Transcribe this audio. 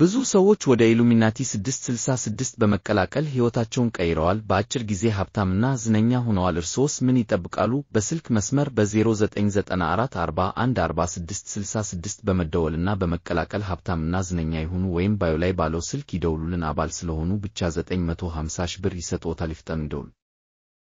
ብዙ ሰዎች ወደ ኢሉሚናቲ 666 በመቀላቀል ሕይወታቸውን ቀይረዋል። በአጭር ጊዜ ሀብታምና ዝነኛ ሆነዋል። እርስዎስ ምን ይጠብቃሉ? በስልክ መስመር በ0994414666 በመደወልና በመቀላቀል ሀብታምና ዝነኛ ይሁኑ፣ ወይም ባዮ ላይ ባለው ስልክ ይደውሉልን። አባል ስለሆኑ ብቻ 950 ሺህ ብር ይሰጥዎታል። ይፍጠኑ፣ ይደውሉ።